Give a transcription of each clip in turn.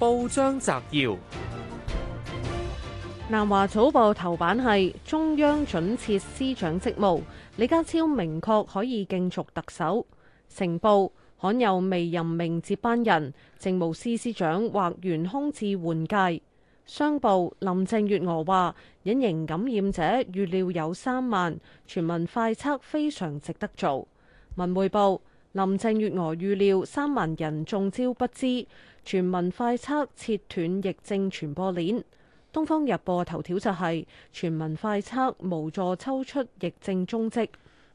報章摘要：南華早報頭版係中央准撤司長職務，李家超明確可以競逐特首。成報罕有未任命接班人，政務司司長或懸空至換屆。商報林鄭月娥話隱形感染者預料有三萬，全民快測非常值得做。文匯報。林鄭月娥預料三萬人中招，不知全民快測切斷疫症傳播鏈。《東方日報》頭條就係、是、全民快測無助抽出疫症蹤跡。《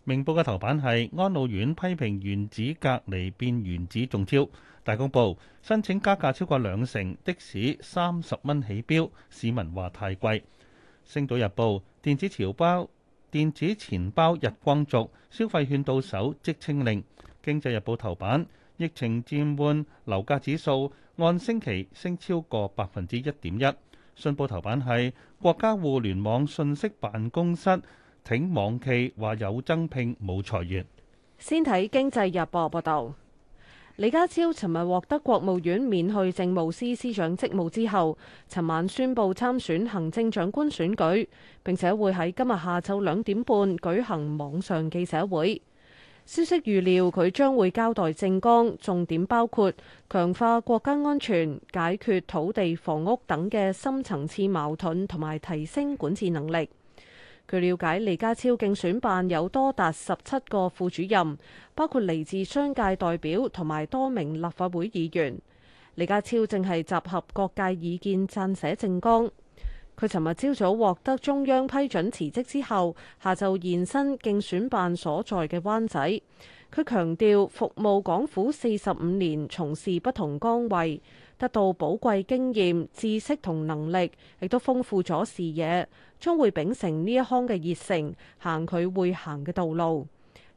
明報》嘅頭版係安老院，批評原子隔離變原子中招。《大公報》申請加價格超過兩成，的士三十蚊起標，市民話太貴。《星島日報》電子潮包、電子錢包日光族消費券到手即清零。《經濟日報》頭版，疫情漸緩，樓價指數，按星期升超過百分之一點一。信報頭版係國家互聯網信息辦公室挺網企話有增聘冇裁員。先睇《經濟日報》報道，李家超尋日獲得國務院免去政務司司長職務之後，尋晚宣布參選行政長官選舉，並且會喺今日下晝兩點半舉行網上記者會。消息預料佢將會交代政綱，重點包括強化國家安全、解決土地、房屋等嘅深層次矛盾，同埋提升管治能力。據了解，李家超競選辦有多達十七個副主任，包括嚟自商界代表同埋多名立法會議員。李家超正係集合各界意見，撰寫政綱。佢尋日朝早獲得中央批准辭職之後，下晝現身競選辦所在嘅灣仔。佢強調服務港府四十五年，從事不同崗位，得到寶貴經驗、知識同能力，亦都豐富咗視野，將會秉承呢一腔嘅熱誠，行佢會行嘅道路。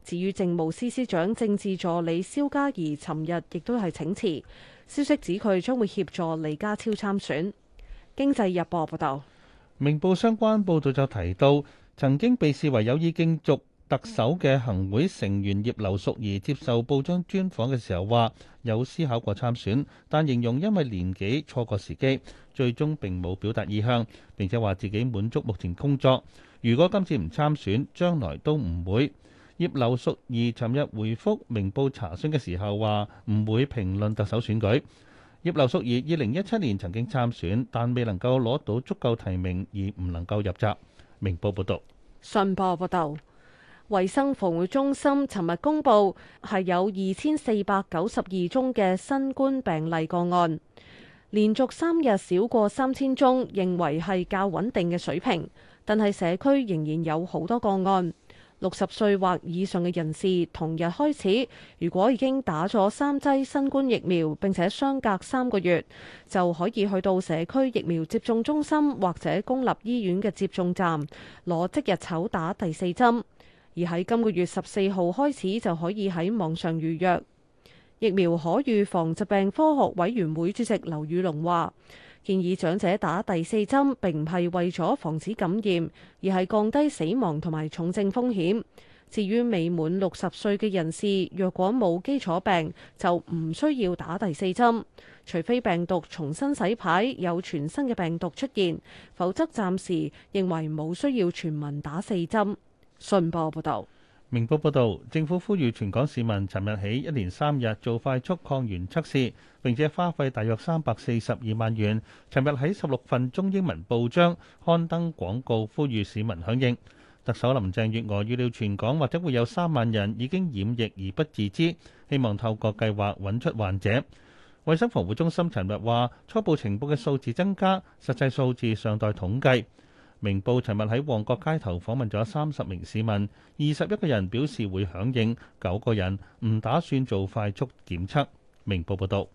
至於政務司司長政治助理蕭家怡，尋日亦都係請辭。消息指佢將會協助李家超參選。經濟日報報道，明報相關報道就提到，曾經被視為有意競逐特首嘅行會成員葉劉淑儀接受報章專訪嘅時候，話有思考過參選，但形容因為年紀錯過時機，最終並冇表達意向，並且話自己滿足目前工作，如果今次唔參選，將來都唔會。葉劉淑儀尋日回覆明報查詢嘅時候話，唔會評論特首選舉。葉劉淑儀二零一七年曾經參選，但未能夠攞到足夠提名而唔能夠入閘。明報報道，信報報道，衛生防護中心尋日公布係有二千四百九十二宗嘅新冠病例個案，連續三日少過三千宗，認為係較穩定嘅水平，但係社區仍然有好多個案。六十歲或以上嘅人士，同日開始，如果已經打咗三劑新冠疫苗，並且相隔三個月，就可以去到社區疫苗接種中心或者公立醫院嘅接種站攞即日籌打第四針。而喺今個月十四號開始就可以喺網上預約。疫苗可預防疾病科學委員會主席劉宇龍話。建議長者打第四針，並唔係為咗防止感染，而係降低死亡同埋重症風險。至於未滿六十歲嘅人士，若果冇基礎病，就唔需要打第四針。除非病毒重新洗牌，有全新嘅病毒出現，否則暫時認為冇需要全民打四針。信報報道。明報報道，政府呼籲全港市民尋日起一連三日做快速抗原測試，並且花費大約三百四十二萬元。尋日喺十六份中英文報章刊登廣告，呼籲市民響應。特首林鄭月娥預料全港或者會有三萬人已經染疫而不自知，希望透過計劃揾出患者。衛生防護中心尋日話，初步情報嘅數字增加，實際數字尚待統計。明報尋日喺旺角街頭訪問咗三十名市民，二十一個人表示會響應，九個人唔打算做快速檢測。明報報道，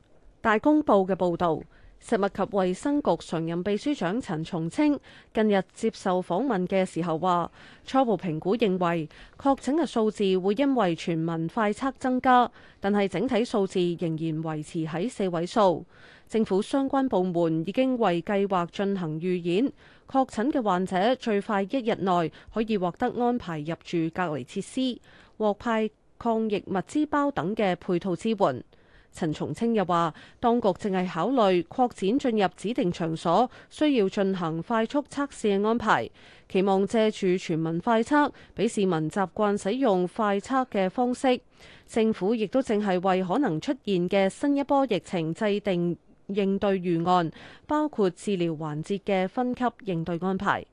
大公報嘅報導，食物及衛生局常任秘書長陳松青近日接受訪問嘅時候話，初步評估認為確診嘅數字會因為全民快測增加，但係整體數字仍然維持喺四位數。政府相關部門已經為計劃進行預演。確診嘅患者最快一日內可以獲得安排入住隔離設施，獲派抗疫物資包等嘅配套支援。陳松青又話，當局正係考慮擴展進入指定場所需要進行快速測試嘅安排，期望借住全民快測，俾市民習慣使用快測嘅方式。政府亦都正係為可能出現嘅新一波疫情制定應對預案包括治療環節嘅分級應對安排。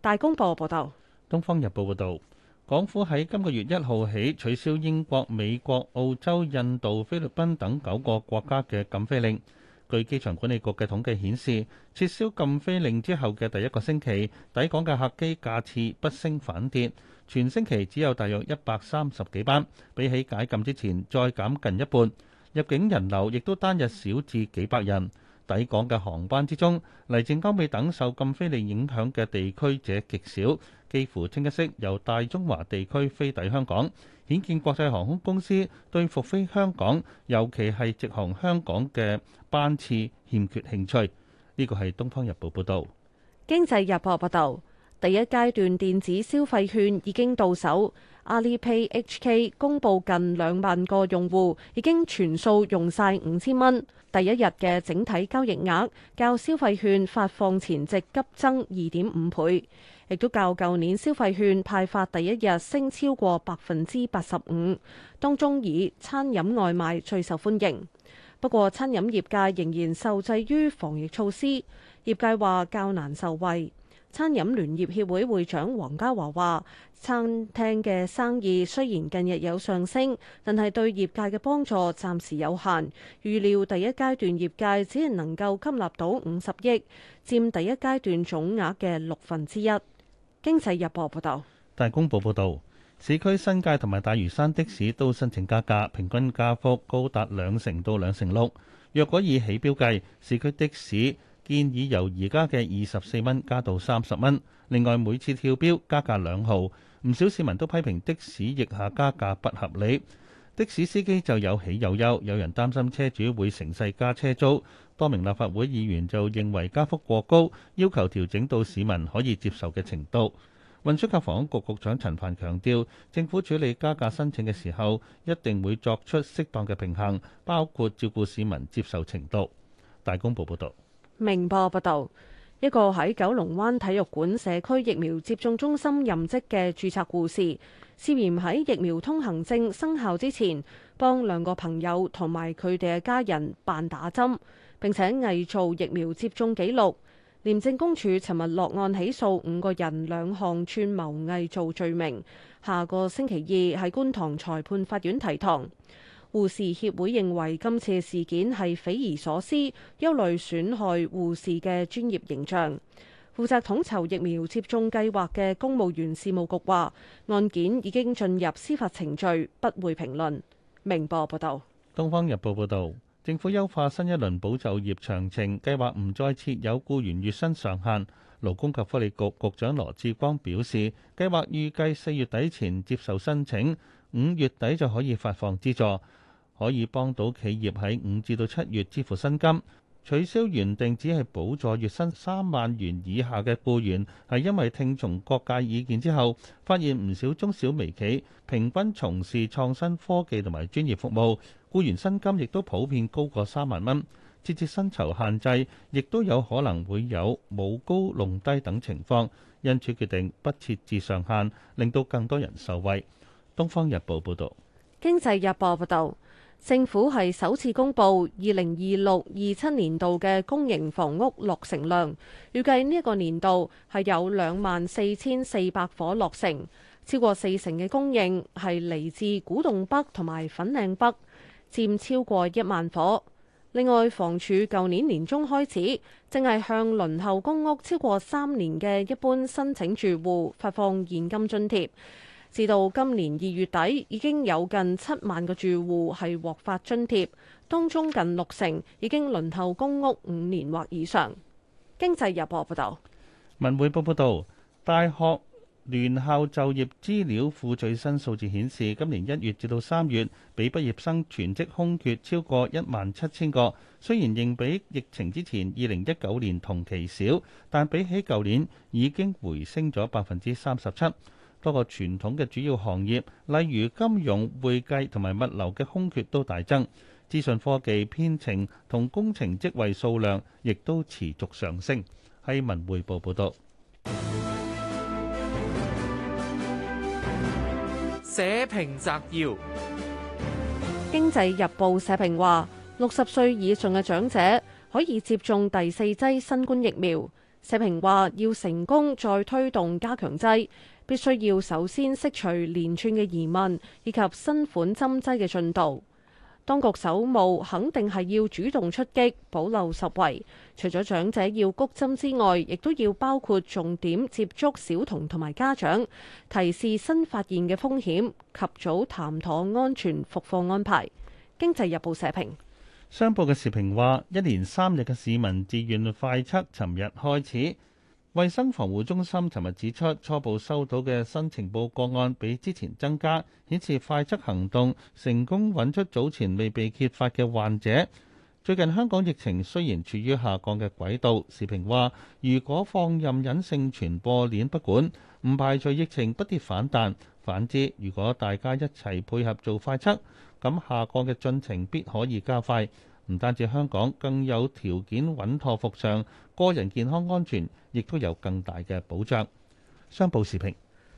大公報報道，東方日報報道，港府喺今個月一號起取消英國、美國、澳洲、印度、菲律賓等九個國家嘅禁飛令。據機場管理局嘅統計顯示，撤銷禁飛令之後嘅第一個星期抵港嘅客機架次不升反跌，全星期只有大約一百三十幾班，比起解禁之前再減近一半。入境人流亦都單日少至幾百人，抵港嘅航班之中，黎政交、美等受禁飛令影響嘅地區者極少，幾乎清一色由大中華地區飛抵香港，顯見國際航空公司對復飛香港，尤其係直航香港嘅班次欠缺興趣。呢、這個係東方日報報道，經濟日報報道。第一階段電子消費券已經到手。AlipayHK 公佈近兩萬個用戶已經全數用晒五千蚊。第一日嘅整體交易額較消費券發放前值急增二點五倍，亦都較舊年消費券派發第一日升超過百分之八十五。當中以餐飲外賣最受歡迎，不過餐飲業界仍然受制於防疫措施，業界話較難受惠。餐飲聯業協會會長黃家華話，餐廳嘅生意雖然近日有上升，但係對業界嘅幫助暫時有限。預料第一階段業界只係能夠吸納到五十億，佔第一階段總額嘅六分之一。經濟日報報道，大公報報道，市區新界同埋大嶼山的士都申請加價，平均加幅高達兩成到兩成六。若果以起標計，市區的士。建議由而家嘅二十四蚊加到三十蚊，另外每次跳標加價兩毫。唔少市民都批評的士逆下加價不合理，的士司機就有喜有憂，有人擔心車主會乘勢加車租。多名立法會議員就認為加幅過高，要求調整到市民可以接受嘅程度。運輸及房屋局局長陳帆強調，政府處理加價申請嘅時候一定會作出適當嘅平衡，包括照顧市民接受程度。大公報報導。明報報道，一個喺九龍灣體育館社區疫苗接種中心任職嘅注冊護士，涉嫌喺疫苗通行證生效之前，幫兩個朋友同埋佢哋嘅家人扮打針，並且偽造疫苗接種記錄。廉政公署尋日落案起訴五個人兩項串謀偽造罪名。下個星期二喺觀塘裁判法院提堂。護士協會認為今次事件係匪夷所思，憂慮損害護士嘅專業形象。負責統籌疫苗接種計劃嘅公務員事務局話：案件已經進入司法程序，不會評論。明報報道，《東方日報》報道，政府優化新一輪保就業長情計劃，唔再設有僱員月薪上限。勞工及福利局局局長羅致光表示，計劃預計四月底前接受申請。五月底就可以發放資助，可以幫到企業喺五至到七月支付薪金。取消原定只係補助月薪三萬元以下嘅僱員，係因為聽從各界意見之後，發現唔少中小微企平均從事創新科技同埋專業服務，僱員薪金亦都普遍高過三萬蚊。設置薪酬限制亦都有可能會有舞高弄低等情況，因此決定不設置上限，令到更多人受惠。《東方日報》報導，《經濟日報》報道，政府係首次公布二零二六二七年度嘅公營房屋落成量，預計呢一個年度係有兩萬四千四百伙落成，超過四成嘅供應係嚟自古洞北同埋粉嶺北，佔超過一萬伙。另外，房署舊年年中開始，正係向輪候公屋超過三年嘅一般申請住戶發放現金津貼。至到今年二月底，已經有近七萬個住戶係獲發津貼，當中近六成已經輪候公屋五年或以上。經濟日報報道。文匯報報導，大學聯校就業資料庫最新數字顯示，今年一月至到三月，比畢業生全職空缺超過一萬七千個，雖然仍比疫情之前二零一九年同期少，但比起舊年已經回升咗百分之三十七。多個傳統嘅主要行業，例如金融、會計同埋物流嘅空缺都大增，資訊科技、編程同工程職位數量亦都持續上升。喺文匯報報道。社評摘要：經濟日報社評話，六十歲以上嘅長者可以接種第四劑新冠疫苗。社評話：要成功再推動加強劑，必須要首先釋除連串嘅疑問，以及新款針劑嘅進度。當局首務肯定係要主動出擊，保留實惠。除咗長者要谷針之外，亦都要包括重點接觸小童同埋家長，提示新發現嘅風險及早談妥安全復課安排。經濟日報社評。商報嘅時評話：一連三日嘅市民自願快測，尋日開始。衞生防護中心尋日指出，初步收到嘅新情報個案比之前增加，顯示快測行動成功揾出早前未被揭發嘅患者。最近香港疫情雖然處於下降嘅軌道，時評話：如果放任隱性傳播鏈不管，唔排除疫情不跌反彈。反之，如果大家一齊配合做快測，咁下降嘅進程必可以加快。唔單止香港更有條件穩妥復上，個人健康安全，亦都有更大嘅保障。商報時評，《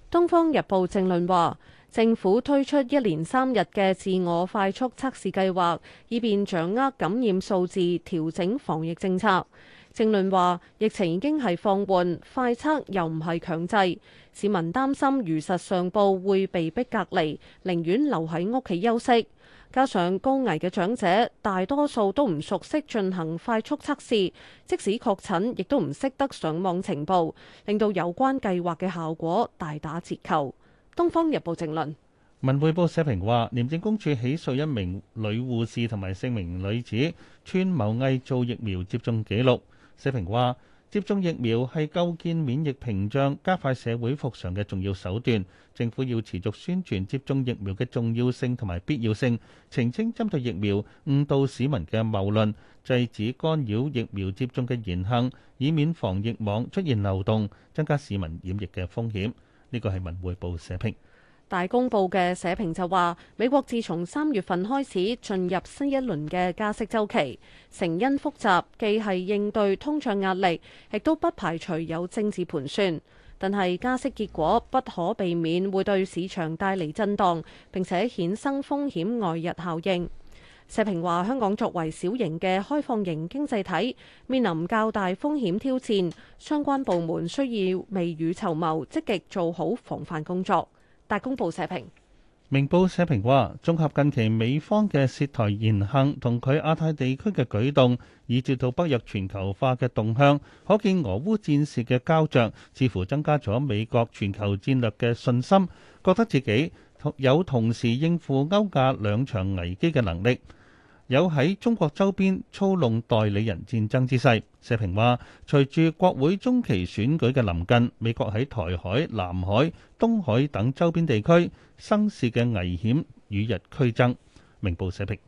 東方日報》政論話：政府推出一連三日嘅自我快速測試計劃，以便掌握感染數字，調整防疫政策。政論話：疫情已經係放緩，快測又唔係強制，市民擔心如實上報會被逼隔離，寧願留喺屋企休息。加上高危嘅長者大多數都唔熟悉進行快速測試，即使確診亦都唔識得上網呈報，令到有關計劃嘅效果大打折扣。《東方日報》政論，《文匯報》社評話：廉政公署起訴一名女護士同埋四名女子串謀偽造疫苗接種記錄。社評話：接種疫苗係構建免疫屏障、加快社會復常嘅重要手段，政府要持續宣傳接種疫苗嘅重要性同埋必要性，澄清針對疫苗誤導市民嘅謬論，制止干擾疫苗接種嘅言行，以免防疫網出現漏洞，增加市民染疫嘅風險。呢個係文匯報社評。大公報嘅社評就話：美國自從三月份開始進入新一輪嘅加息周期，成因複雜，既係應對通脹壓力，亦都不排除有政治盤算。但係加息結果不可避免會對市場帶嚟震盪，並且衍生風險外溢效應。社評話：香港作為小型嘅開放型經濟體，面臨較大風險挑戰，相關部門需要未雨綢繆，積極做好防範工作。大公報社評。明報社評話，綜合近期美方嘅涉台言行同佢亞太地區嘅舉動以至到北約全球化嘅動向，可見俄烏戰事嘅膠着似乎增加咗美國全球戰略嘅信心，覺得自己有同時應付歐亞兩場危機嘅能力。有喺中國周邊操弄代理人戰爭之勢，社評話：隨住國會中期選舉嘅臨近，美國喺台海、南海、東海等周邊地區生事嘅危險與日俱增。明報社評。